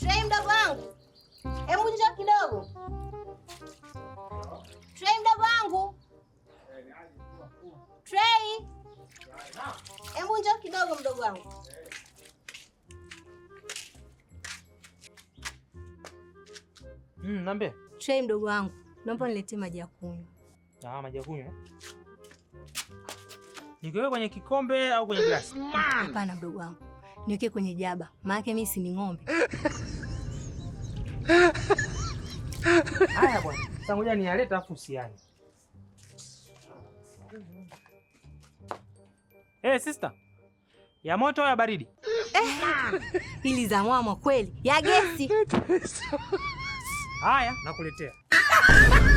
Trey, mdogo wangu, hebu njoo kidogo. Trey, mdogo wangu, Trey, hebu njoo kidogo, mdogo wangu. Mm, nambe. Trey, mdogo wangu, naomba niletee maji ya kunywa. Ah, maji ya kunywa. Nikiwe kwenye kikombe au kwenye glasi? Hapana, mdogo wangu niweke kwenye jaba, maanake mimi si ni ng'ombe. Haya bwana, sasa niyaleta afu usiani. Hey, eh, sister. Ya moto au ya baridi? Eh, Ili za mwamwa kweli, ya gesi. Haya, nakuletea.